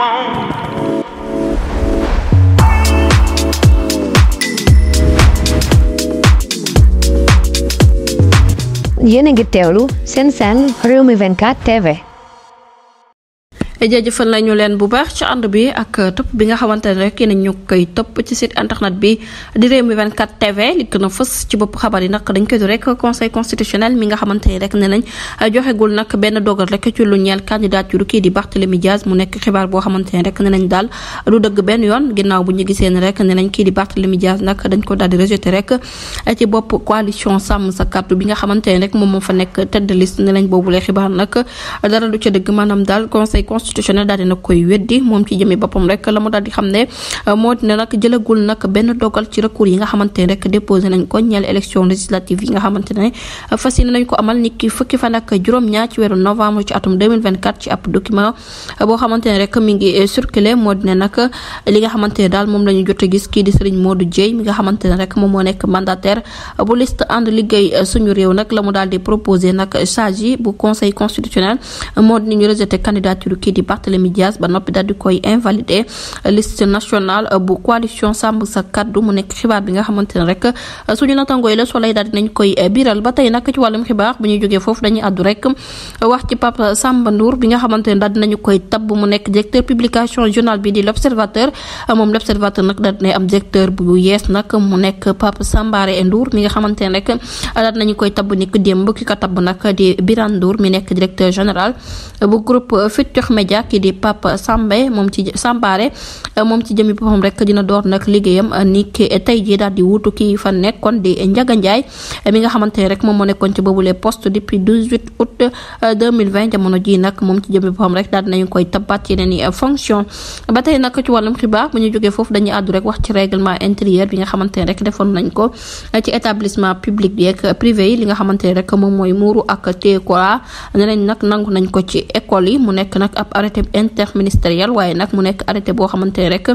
Jeni gitelu, sen sen, rumi venkat teve. jaajëfal nañu leen bu baax ci ànd bi ak topp bi nga xamante ne rek yéen ñu koy topp ci site internet bi di réew mi 24 TV li gën a ci bopp xabar yi nag dañ koy rek conseil constitutionnel mi nga xamante ni rek ne nañ joxegul nag benn dogal rek ci lu ñeel kii di Barthélémy Diaz mu nekk xibaar boo xamante ne rek ne nañ daal dëgg benn yoon ginnaaw bu ñu gisee ne rek ne nañ kii di Barthélémy Diaz nag dañ ko daal di rejeté rek ci bopp coalition sàmm sa kàddu bi nga xamante ne rek moom moo fa nekk tête de liste ne nañ boobu lay xibaar nag dara du ca dëgg maanaam daal conseil constitutionnel daal di euh, na koy ci jëmee yi nga xamante ne rek déposé nañ ko ñeel élection législative yi nga xamante ne euh, fas yéene nañ ko amal nit ki fukki fan ak juróom-ñaar ci weeru novembre document euh, boo xamante rek mi ngi circulé moo dina nag li nga xamante daal moom la jot a gis kii di Serigne Modou Dieye mi nga xamante moo nekk mandataire bu liste ànd suñu réew nag la mu daal di proposé nag charge yi bu conseil constitutionnel moo dina ñu rejeté candidature kii di Barthélemy Dias ba noppi daal di koy invalidé liste nationale bu coalition sàmm sa kaddu mu nekk xibaar bi nga xamante ne rek suñu natango yi la solay daal dinañ koy biiral ba tey nag ci wàllum xibaar bu ñuy jógee foofu dañuy àddu rek wax ci Pape Samba Ndour bi nga xamante ne daal dinañu koy tabb mu nekk directeur publication journal bi di l'observateur moom l'observateur nag daal dinañ am directeur bu yees nag mu nekk Pape Sambare Ndour mi nga xamante ne rek daal dinañu koy tabb ni ki démb ko tabb nag di Birane Ndour mi nekk directeur général bu groupe Futurs Médias média ki di Pape Sambé moom ci Sambare euh, moom ci jëmi boppam rek dina door nag liggéeyam euh, ni ki euh, tey jii daal di wutu kii fa nekkoon di Ndiaga Ndiaye mi nga xamante ne rek moom moo nekkoon ci boobule poste depuis 18 août 2020 jamono ji nag moom ci jëmi boppam rek daal dinañu koy tabbaat yeneen i fonction ba tey nag ci wàllum xibaar ñu jógee foofu dañuy àddu rek wax ci règlement intérieur bi nga xamante rek defoon nañ ko ci établissement public bi ak privé yi li nga xamante ne rek moom mooy muuru ak teekora ne nag nangu nañ ko ci école yi mu nekk nag arrêté interministériel waaye nag mu nekk arrêté boo xamante ne rek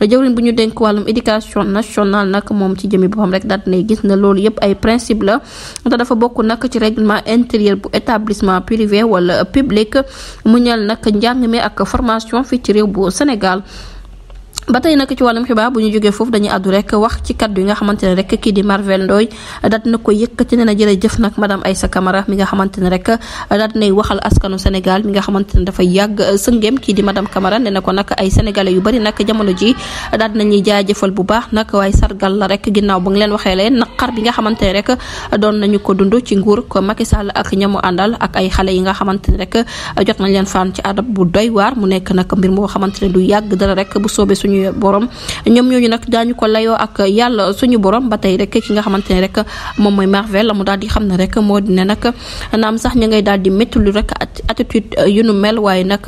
jëwriñ bu ñu denk wàllum éducation nationale nag moom ci jëmi boppam rek daal dinay gis ne loolu yëpp ay principe la te dafa bokk nag ci règlement intérieur bu établissement privé wala public mu ñeel nag njàng mi ak formation fii ci réew bu Sénégal ba tey nag ci wàllum xibaar bu ñu jógee foofu dañuy àddu rek wax ci kaddu yi nga xamante ne rek kii di Marvel Ndoye daat na ko yëkkati ne na jërëjëf nag madame Aïssa Camara mi nga xamante ne rek daat nay waxal askanu Sénégal mi nga xamante ne dafa yàgg sëngeem kii di madame Camara ne na ko nag ay sénégalais yu bari nag jamono ji daat nañuy jaajëfal bu baax nag waaye sargal la rek ginnaaw ba nga leen waxee leen naqar bi nga xamante ne rek doon nañu ko dund ci nguur ko Macky Sall ak ñamu àndal ak ay xale yi nga xamante ne rek jot nañ leen faan ci adab bu doy waar mu nekk nag mbir moo xamante ne du yàgg dara rek bu soobee suñu suñu borom ñom ñoñu nak dañu ko layoo ak yàlla suñu borom ba rek ki nga xamante rek moom mooy Marvel mu daal di rek moo di ne naam sax ñu ngay daal rek attitude yu nu mel waaye nag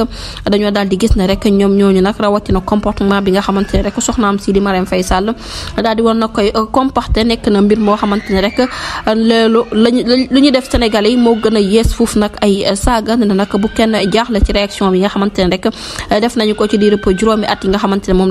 dañoo daal gis ne rek ñoom ñooñu nag rawatina comportement bi nga xamante rek soxnaam si di Marème Faye Sall daal di woon na na mbir moo xamante rek loolu lañu def Sénégalais yi moo gën a yees ay saaga ne nag bu kenn jaaxle ci réaction bi nga xamante rek def nañu ko ci diirëpp juróomi at yi nga xamante ne moom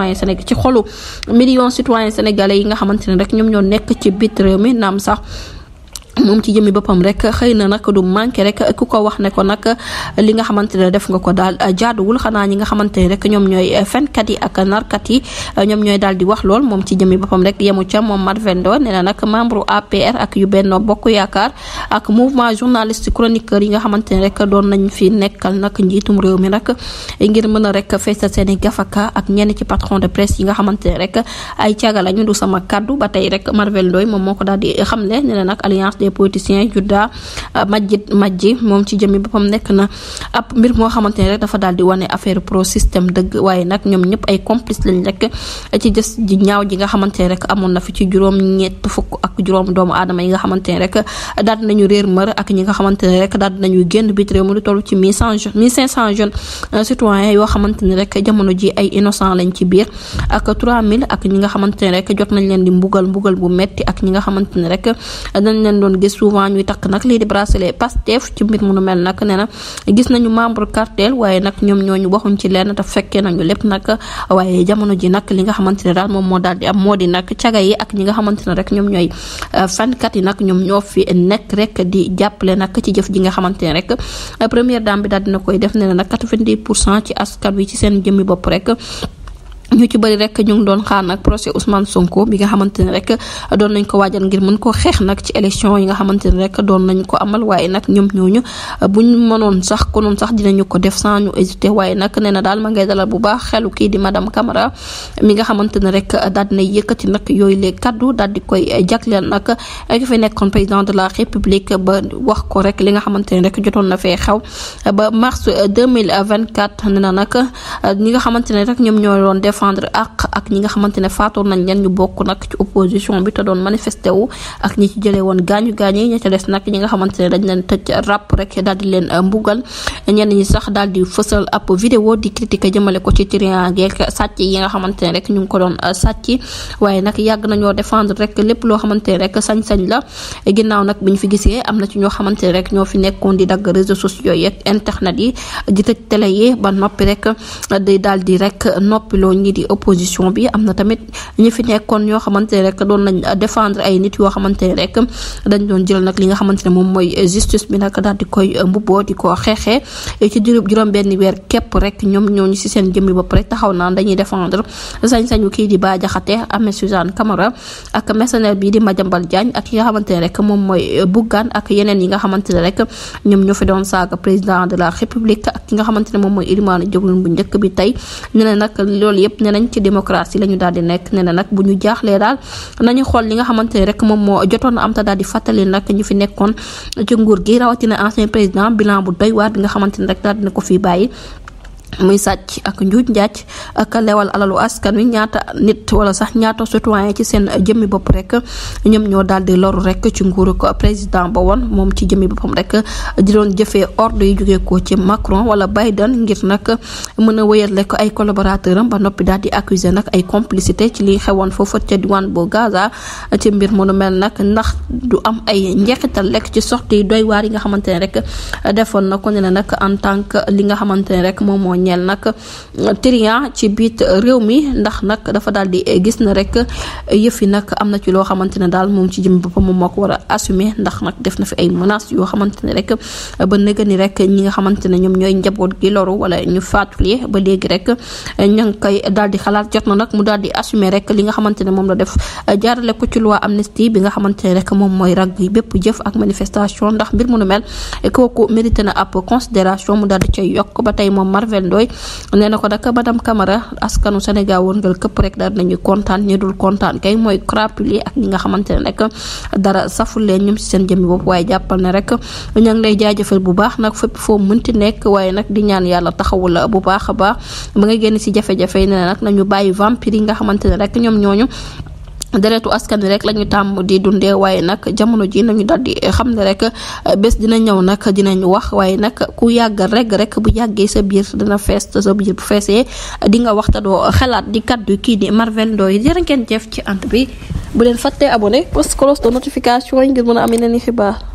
citoyen sénégalais ci xolu million citoyen sénégalais yi nga xamante ne rek ñoom ñoo nekk ci bit réew mi naam sax moom ci jëmmi boppam rek xëy na nag du manqué rek ku ko wax ne ko nag li nga xamante ne def nga ko daal jaaduwul xanaa ñi nga xamante ne rek ñoom ñooy fenkat yi ak narkat yi ñoom ñooy daal di wax lool moom ci jëmmi boppam rek yemu ca moom Marvendo nee na nag membre APR ak yu Benno Yaakaar ak mouvement journaliste chroniqueur yi nga xamante ne rek doon nañ fi nekkal nag njiitum réew mi nag ngir mën a rek feesa seeni gafaka ak ñenn ci patron de presse yi nga xamante ne rek ay caaga lañu du sama kaddu ba tey rek Marvendo moom moo ko daal di xam le na nag alliance des politiciens Yuda euh, Majid Majji moom ci jëmmi boppam nekk na ab mbir moo xamante ne rek dafa daal di wane affaire pro système dëgg waaye nag ñoom ñëpp ay complice lañ rek ci jës ji ñaaw ji nga xamante ne rek amoon na fi ci juróom ñett fukk ak juróom doomu aadama yi nga xamante ne rek daal di nañu réer mër ak ñi nga xamante ne rek daal di nañu génn biit réew mu di toll ci mille cent jeunes mille cinq cent jeunes euh, citoyens yoo xamante ne rek jamono ji ay innocent lañ ci biir ak ak ñi nga xamante ne rek jot nañ leen di mbugal mbugal bu metti ak ñi nga xamante ne rek doon gis souvent ñuy takk nag lii di bracelet Pastef ci mbir mu nu mel nag nee na gis nañu membre cartel waye nag ñoom ñooñu waxuñ ci lenn te fekkee nañu lépp nag waaye jamono ji nag li nga xamante ne daal moom moo daal di am moo di nag caga yi ak ñi nga xamante ne rek ñoom ñooy euh, fankat yi nag ñoom ñoo fi nekk rek di jàppale nag ci jëf ji nga xamante ne rek première dame bi daal dina koy def nee na nag 90 pour cent ci askan wi ci seen jëmmi bopp rek ñu ci bëri rek ñu ngi doon xaar nag procès Ousmane Sonko bi nga xamante ni rek doon nañ ko waajal ngir mën ko xeex nag ci élection yi nga xamante ni rek doon nañ ko amal waaye nag ñoom ñooñu buñ mënoon sax konoon sax dinañu ko def sans ñu hésité waaye nag nee na daal ma ngay dalal bu baax xelu kii di madame Camara mi nga xamante ne rek daal dina yëkkati nag yooyu le kaddu daal di koy jagleel nag ki fi nekkoon président de la république ba wax ko rek li nga xamante ne rek jotoon na fee xew ba mars 2024 nee na nag ñi nga xamante ne rek ñoom ñoo doon def défendre ak ak ñi nga xamante ne faatoon nañ bokk nag opposition bi doon manifesté ak ñi nga xamante rek daal euh, ko yi nga xamante ne ko doon euh, sàcc waaye nag yàgg nañoo défendre rek lépp loo xamante ne rek sañ-sañ la ginnaaw nag bi ñu fi gisee am na ci ñoo xamante ne rek ñoo fi nekkoon di dagg réseaux sociaux yeeg internet yi di tëj télé yi ba noppi rek di daal di rek noppiloo ñi lii di opposition bi am na tamit ñu fi nekkoon ñoo xamante ne rek doon nañ défendre ay nit yoo xamante ne rek dañ doon jël nag li nga xamante ne moom mooy justice bi nag daal di koy mbubboo di ko xeexee ci juróom benn weer képp rek ñoom ñooñu si seen jëmmi bopp rek taxaw naan dañuy défendre sañ-sañu kii di Bah Diakhaté amee Suzanne Camara ak mercenaire bii di Madiambal Diagne ak yi nga xamante ne rek moom mooy Bougane ak yeneen yi nga xamante ne rek ñoom ñoo fi doon saaga président de la république ak ki nga xamante ne moom mooy Elimane Diagne bu njëkk bi tey ñu ne nag loolu yëpp nañ ci démocratie la ñu daal di nekk ne na nag bu ñu jaaxlee daal nañu xool li nga xamante ne rek moom moo jotoon am ta daal di fàttali nag ñu fi nekkoon ci nguur gi rawatina ancien président bilan bu doy waar bi nga xamante ne rek daal ko fi bàyyi muy sàcc ak njuuj njaaj ak lewal alalu askan wi ñaata nit wala sax ñaata citoyen ci seen jëmmi bopp rek ñoom ñoo daal di loru rek ci nguuru ko président ba woon moom ci jëmmi boppam rek di doon jëfee ordre yi jógee ko ci Macron wala Biden ngir nag mën a wéyal rek ay collaborateur am ba noppi daal di accuser nag ay complicité ci li xewoon foofu ca diwaan boo Gaza ci mbir mu nu mel nag ndax du am ay njeexital lekk ci sortie doy waar yi nga xamante ne rek defoon na ko ne en tant que li nga xamante ne rek moom ñeel nag trian ci biit réew mi ndax nag dafa daal di gis na rek yëf yi nag am na ci loo xamante ne daal moom ci jëm boppam moom war a ndax nag def na fi ay menaces yoo xamante ne rek ba nëga ni rek ñi nga xamante ne ñoom ñooy njaboot gi loru wala ñu faatulee ba léegi rek ña ngi koy daal di xalaat jot na nag mu daal di assumé rek li nga xamante ne moom la def jaarale ko ci loi amnistie bi nga xamante ne rek moom mooy rag bépp jëf ak manifestation ndax mbir mu nu mel kooku mérité na ab considération mu daal di cay yokk ba tey moom Marvel Ndoye nee na ko nag madame kamara askanu Sénégal wërngal këpp rek daal ñu kontaan ñu dul kontaan kay mooy crapulier ak ñi nga xamante ne nag dara saful leen ñoom si seen jëmmi bopp waaye jàppal ne rek ña ngi lay jaajëfal bu baax nag fépp foo mënti nekk waaye nag di ñaan yàlla taxawula bu baax a baax ba nga génn si jafe-jafe yi ne nag nañu bàyyi vampire yi nga xamante ne rek ñoom ñooñu deretu askan rek lañu tàmm di dunde waaye nak jamono ji nañu dal di eh, xam ne rek eh, bés dina ñëw nak dinañ wax waaye nak ku yàgg reg rek bu yàggee sa biir dana fees sa eh, biir bu feesee di nga waxtadoo xelaat di kaddu kii di marvel ndoy di ngeen jëf ci ant bi bu leen fàttee abonné post colos de notification ngir mën a am yeneen xibaar